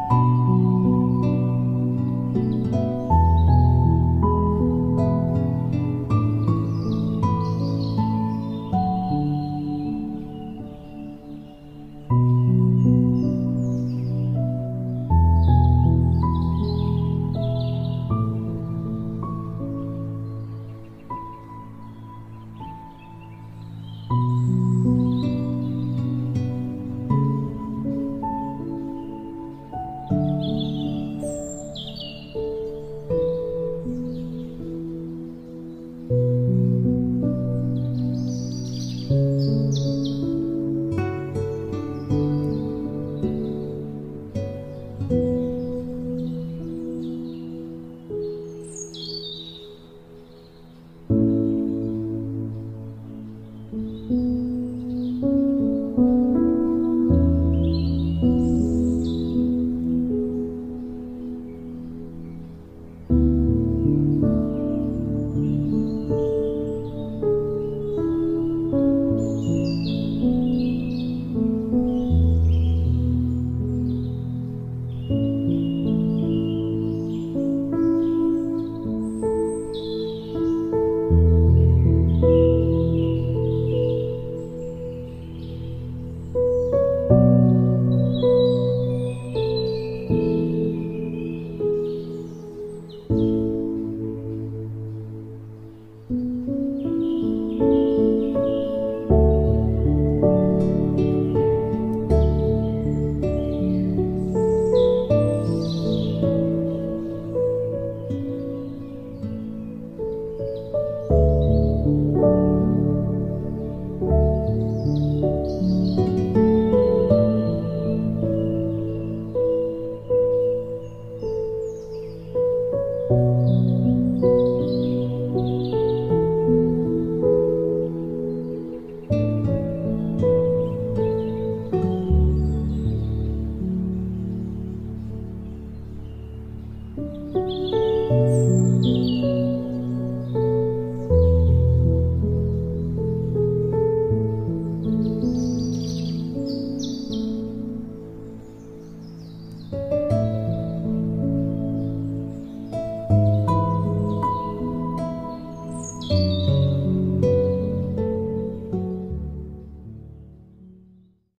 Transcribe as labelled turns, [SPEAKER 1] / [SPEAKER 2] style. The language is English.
[SPEAKER 1] you